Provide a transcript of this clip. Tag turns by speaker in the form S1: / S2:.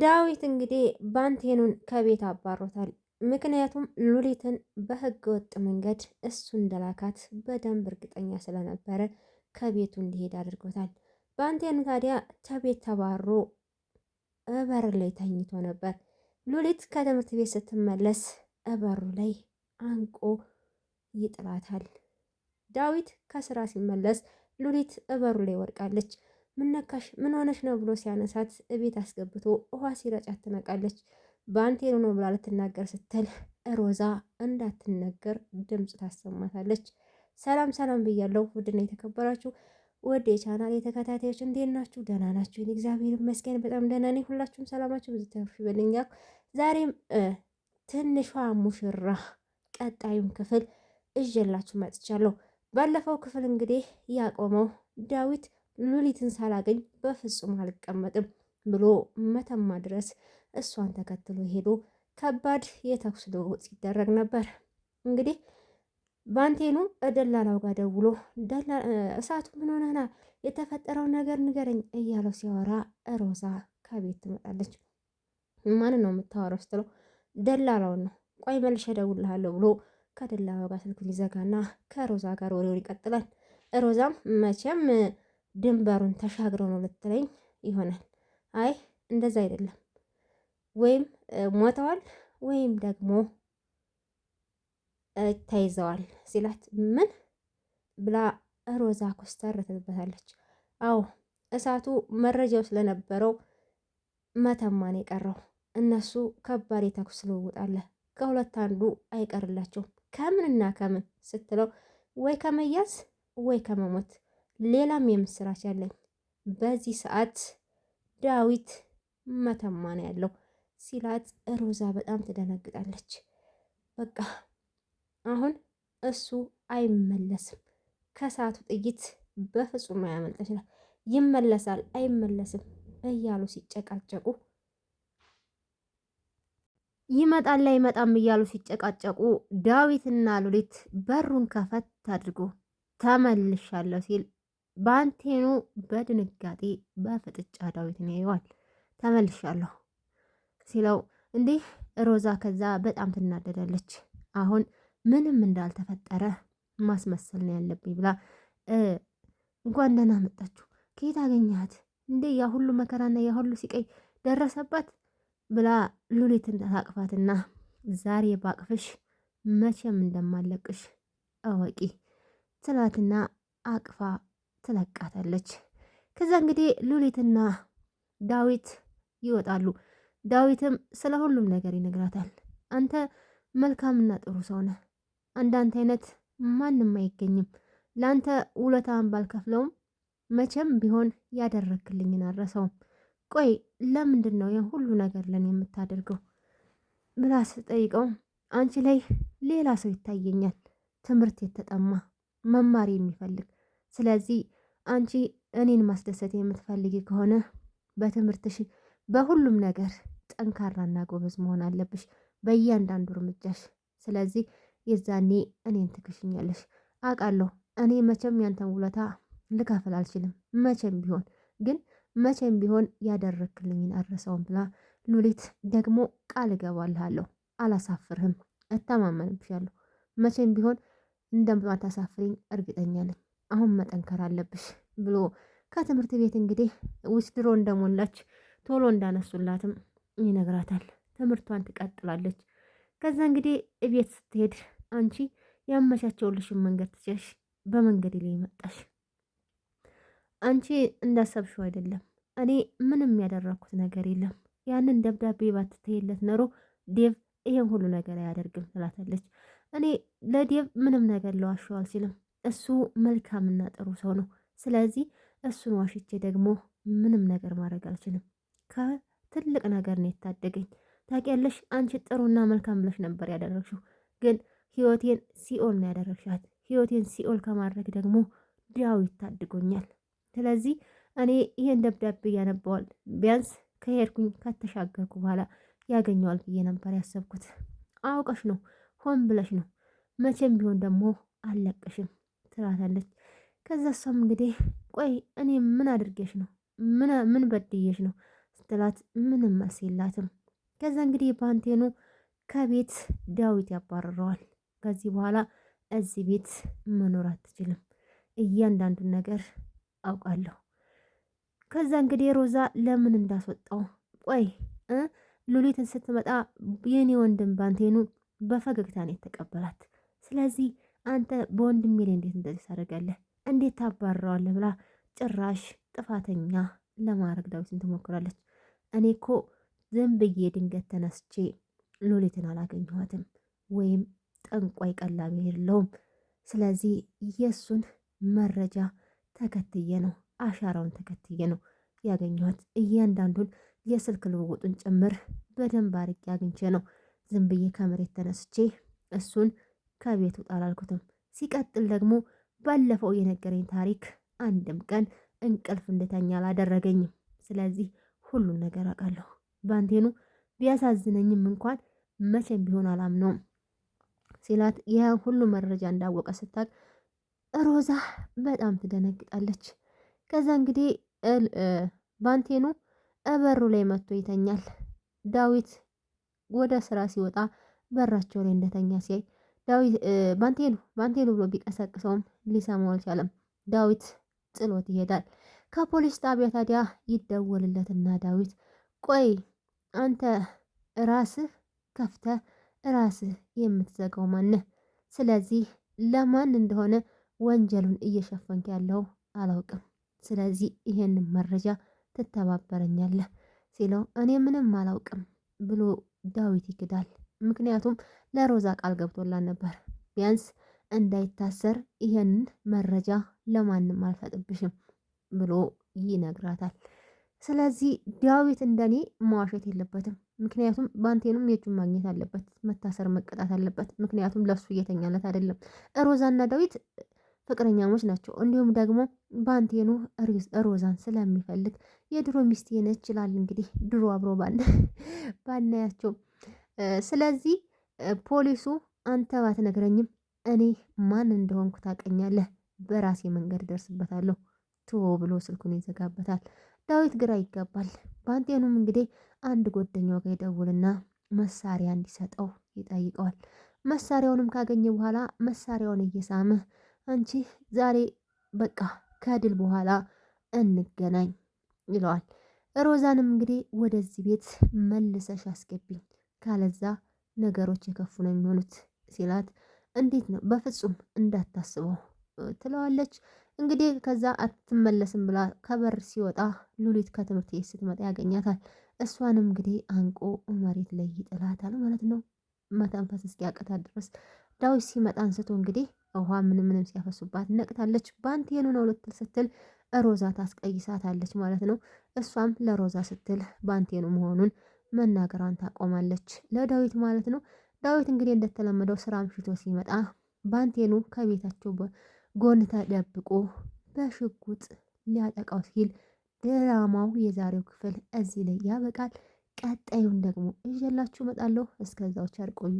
S1: ዳዊት እንግዲህ ባንቴኑን ከቤት አባሮታል። ምክንያቱም ሉሊትን በህገ ወጥ መንገድ እሱ እንደላካት በደንብ እርግጠኛ ስለነበረ ከቤቱ እንዲሄድ አድርጎታል። ባንቴኑ ታዲያ ከቤት ተባሮ እበር ላይ ተኝቶ ነበር። ሉሊት ከትምህርት ቤት ስትመለስ እበሩ ላይ አንቆ ይጥላታል። ዳዊት ከስራ ሲመለስ ሉሊት እበሩ ላይ ወድቃለች። ምነካሽ ምን ሆነሽ ነው ብሎ ሲያነሳት እቤት አስገብቶ ውሃ ሲረጫት ትነቃለች። በአንቴኑ ነው ብላ ልትናገር ስትል ሮዛ እንዳትነገር ድምፅ ታሰማታለች። ሰላም ሰላም ብያለሁ ውድና የተከበራችሁ ወደ የቻናል የተከታታዮች እንዴት ናችሁ? ደህና ናችሁ? እግዚአብሔር ይመስገን በጣም ደህና ነኝ። ሁላችሁም ሰላማችሁ ብዙ ተርፍ ይበልኛል። ዛሬም ትንሿ ሙሽራ ቀጣዩን ክፍል እዤላችሁ መጥቻለሁ። ባለፈው ክፍል እንግዲህ ያቆመው ዳዊት ሉሊትን ሳላገኝ በፍጹም አልቀመጥም ብሎ መተማ ድረስ እሷን ተከትሎ ሄዶ ከባድ የተኩስ ልውውጥ ይደረግ ነበር። እንግዲህ ባንቴኑ ደላላው ጋር ደውሎ እሳቱ ምን ሆነና የተፈጠረው ነገር ንገረኝ እያለው ሲያወራ ሮዛ ከቤት ትመጣለች። ማንን ነው የምታወራው ስትለው ደላላውን ነው። ቆይ መልሼ እደውልልሃለሁ ብሎ ከደላላው ጋር ስልኩን ይዘጋና ከሮዛ ጋር ወሬውን ይቀጥላል። ሮዛም መቼም ድንበሩን ተሻግረው ነው ልትለኝ ይሆናል። አይ እንደዛ አይደለም፣ ወይም ሞተዋል ወይም ደግሞ ተይዘዋል ሲላት ምን ብላ ሮዛ ኮስተር ትልበታለች። አዎ እሳቱ መረጃው ስለነበረው መተማን የቀረው እነሱ ከባድ የተኩስ ልውውጥ አለ፣ ከሁለት አንዱ አይቀርላቸውም ከምንና ከምን ስትለው ወይ ከመያዝ ወይ ከመሞት ሌላም የምስራች ያለኝ በዚህ ሰዓት ዳዊት መተማ ነው ያለው ሲላት ሮዛ በጣም ትደነግጣለች። በቃ አሁን እሱ አይመለስም፣ ከሰዓቱ ጥይት በፍጹም አያመልጥ ይችላል። ይመለሳል አይመለስም እያሉ ሲጨቃጨቁ ይመጣል አይመጣም እያሉ ሲጨቃጨቁ ዳዊትና ሉሊት በሩን ከፈት አድርጎ ተመልሻለሁ ሲል በአንቴኑ በድንጋጤ በፍጥጫ ዳዊትን ያየዋል። ተመልሻለሁ ሲለው እንዲህ ሮዛ ከዛ በጣም ትናደዳለች። አሁን ምንም እንዳልተፈጠረ ማስመሰል ነው ያለብኝ ብላ ጓንደና መጣችሁ። ከየት አገኛት እንዴ? ያ ሁሉ መከራና ያ ሁሉ ሲቀይ ደረሰባት ብላ ሉሊትን ታቅፋትና ዛሬ ባቅፍሽ መቼም እንደማለቅሽ እወቂ ትላትና አቅፋ ትለቃታለች። ከዛ እንግዲህ ሉሊትና ዳዊት ይወጣሉ። ዳዊትም ስለ ሁሉም ነገር ይነግራታል። አንተ መልካምና ጥሩ ሰው ነህ፣ እንዳንተ አይነት ማንም አይገኝም። ለአንተ ውለታን ባልከፍለውም መቼም ቢሆን ያደረክልኝን አረሰውም። ቆይ ለምንድን ነው ይህን ሁሉ ነገር ለኔ የምታደርገው ብላ ስጠይቀው አንቺ ላይ ሌላ ሰው ይታየኛል፣ ትምህርት የተጠማ መማር የሚፈልግ ስለዚህ አንቺ እኔን ማስደሰት የምትፈልጊ ከሆነ በትምህርትሽ በሁሉም ነገር ጠንካራና ጎበዝ መሆን አለብሽ፣ በእያንዳንዱ እርምጃሽ። ስለዚህ የዛኔ እኔን ትክሽኛለሽ። አውቃለሁ እኔ መቼም ያንተን ውለታ ልከፍል አልችልም። መቼም ቢሆን ግን መቼም ቢሆን ያደረክልኝን አረሰውን ብላ ሉሊት ደግሞ ቃል እገባልሃለሁ፣ አላሳፍርህም፣ እተማመንብሻለሁ። መቼም ቢሆን እንደማታሳፍሪኝ እርግጠኛ ነኝ። አሁን መጠንከር አለብሽ ብሎ ከትምህርት ቤት እንግዲህ ውስድሮ እንደሞላች ቶሎ እንዳነሱላትም ይነግራታል። ትምህርቷን ትቀጥላለች። ከዛ እንግዲህ እቤት ስትሄድ አንቺ ያመቻቸውልሽን መንገድ ትችሽ በመንገድ ላይ መጣሽ። አንቺ እንዳሰብሽው አይደለም። እኔ ምንም ያደረኩት ነገር የለም። ያንን ደብዳቤ ባትተይለት ኖሮ ዴቭ ይሄን ሁሉ ነገር አያደርግም ትላታለች። እኔ ለዴቭ ምንም ነገር ለዋሸው አልችልም። እሱ መልካምና ጥሩ ሰው ነው። ስለዚህ እሱን ዋሽቼ ደግሞ ምንም ነገር ማድረግ አልችልም። ከትልቅ ነገር ነው የታደገኝ። ታውቂያለሽ፣ አንቺ ጥሩና መልካም ብለሽ ነበር ያደረግሽው፣ ግን ህይወቴን ሲኦል ነው ያደረግሻት። ህይወቴን ሲኦል ከማድረግ ደግሞ ዲያው ታድጎኛል። ስለዚህ እኔ ይህን ደብዳቤ ያነበዋል ቢያንስ ከሄድኩኝ ከተሻገርኩ በኋላ ያገኘዋል ብዬ ነበር ያሰብኩት። አውቀሽ ነው፣ ሆን ብለሽ ነው። መቼም ቢሆን ደግሞ አልለቅሽም። ትላታለች። ከዛ እሷም እንግዲህ ቆይ እኔ ምን አድርጌሽ ነው ምን በድዬሽ ነው ስትላት ምንም መልስ የላትም። ከዛ እንግዲህ ባንቴኑ ከቤት ዳዊት ያባረረዋል። ከዚህ በኋላ እዚህ ቤት መኖር አትችልም፣ እያንዳንዱን ነገር አውቃለሁ። ከዛ እንግዲህ ሮዛ ለምን እንዳስወጣው ቆይ ሉሊትን ስትመጣ የኔ ወንድም ባንቴኑ በፈገግታ ነው የተቀበላት። ስለዚህ አንተ በወንድሜ ላይ እንዴት እንደዚህ ታደርጋለህ? እንዴት ታባረዋለ ብላ ጭራሽ ጥፋተኛ ለማድረግ ዳዊትን ትሞክራለች። እኔ እኮ ዝም ብዬ ድንገት ተነስቼ ሎሌትን አላገኘኋትም ወይም ጠንቋይ ቀላሚ የለውም። ስለዚህ የእሱን መረጃ ተከትዬ ነው አሻራውን ተከትዬ ነው ያገኘኋት። እያንዳንዱን የስልክ ልውውጡን ጭምር በደንብ አድርጌ አግኝቼ ነው ዝም ብዬ ከመሬት ተነስቼ እሱን ከቤት ውጣ አላልኩትም። ሲቀጥል ደግሞ ባለፈው የነገረኝ ታሪክ አንድም ቀን እንቅልፍ እንደተኛ አላደረገኝም። ስለዚህ ሁሉን ነገር አውቃለሁ። ባንቴኑ ቢያሳዝነኝም እንኳን መቼም ቢሆን አላምነውም ሲላት ይህ ሁሉ መረጃ እንዳወቀ ስታቅ ሮዛ በጣም ትደነግጣለች። ከዛ እንግዲህ ባንቴኑ እበሩ ላይ መጥቶ ይተኛል። ዳዊት ወደ ስራ ሲወጣ በራቸው ላይ እንደተኛ ሲያይ ዳዊት ባንቴሉ ባንቴሉ ብሎ ቢቀሰቅሰውም ሊሰማው አልቻለም። ዳዊት ጥሎት ይሄዳል። ከፖሊስ ጣቢያ ታዲያ ይደወልለትና ዳዊት ቆይ አንተ ራስህ ከፍተህ ራስህ የምትዘጋው ማነህ? ስለዚህ ለማን እንደሆነ ወንጀሉን እየሸፈንክ ያለው አላውቅም። ስለዚህ ይሄንን መረጃ ትተባበረኛለህ ሲለው እኔ ምንም አላውቅም ብሎ ዳዊት ይክዳል። ምክንያቱም ለሮዛ ቃል ገብቶላን ነበር። ቢያንስ እንዳይታሰር ይሄንን መረጃ ለማንም አልፈጥብሽም ብሎ ይነግራታል። ስለዚህ ዳዊት እንደኔ መዋሸት የለበትም። ምክንያቱም ባንቴኑም የእጁን ማግኘት አለበት፣ መታሰር መቀጣት አለበት። ምክንያቱም ለሱ እየተኛለት አይደለም። ሮዛና ዳዊት ፍቅረኛሞች ናቸው። እንዲሁም ደግሞ ባንቴኑ ሮዛን ስለሚፈልግ የድሮ ሚስቴ ነች ይላል። እንግዲህ ድሮ አብሮ ባናያቸው ስለዚህ ፖሊሱ አንተ ባትነግረኝም እኔ ማን እንደሆንኩ ታውቀኛለህ፣ በራሴ መንገድ ደርስበታለሁ ትዎ ብሎ ስልኩን ይዘጋበታል። ዳዊት ግራ ይጋባል። ባንቴኑም እንግዲህ አንድ ጎደኛው ጋር ይደውልና መሳሪያ እንዲሰጠው ይጠይቀዋል። መሳሪያውንም ካገኘ በኋላ መሳሪያውን እየሳመ አንቺ ዛሬ በቃ ከድል በኋላ እንገናኝ ይለዋል። ሮዛንም እንግዲህ ወደዚህ ቤት መልሰሽ አስገብኝ ካለዛ ነገሮች የከፉ ነው የሚሆኑት ሲላት እንዴት ነው በፍጹም እንዳታስበው ትለዋለች። እንግዲህ ከዛ አትመለስም ብላ ከበር ሲወጣ ሉሊት ከትምህርት ቤት ስትመጣ ያገኛታል። እሷንም እንግዲህ አንቆ መሬት ላይ ይጥላታል ማለት ነው። መተንፈስ እስኪያቅታት ድረስ ዳዊት ሲመጣ አንስቶ እንግዲህ ውሃ ምንም ምንም ሲያፈሱባት ነቅታለች። ባንቴኑ ነው ልትል ስትል ሮዛ ታስቀይሳታለች ማለት ነው። እሷም ለሮዛ ስትል ባንቴኑ መሆኑን መናገሯን ታቆማለች ለዳዊት ማለት ነው። ዳዊት እንግዲህ እንደተለመደው ስራ አምሽቶ ሲመጣ ባንቴኑ ከቤታቸው ጎን ተደብቆ በሽጉጥ ሊያጠቃው ሲል ድራማው የዛሬው ክፍል እዚህ ላይ ያበቃል። ቀጣዩን ደግሞ ይዤላችሁ እመጣለሁ። እስከዛው ቸር ቆዩ።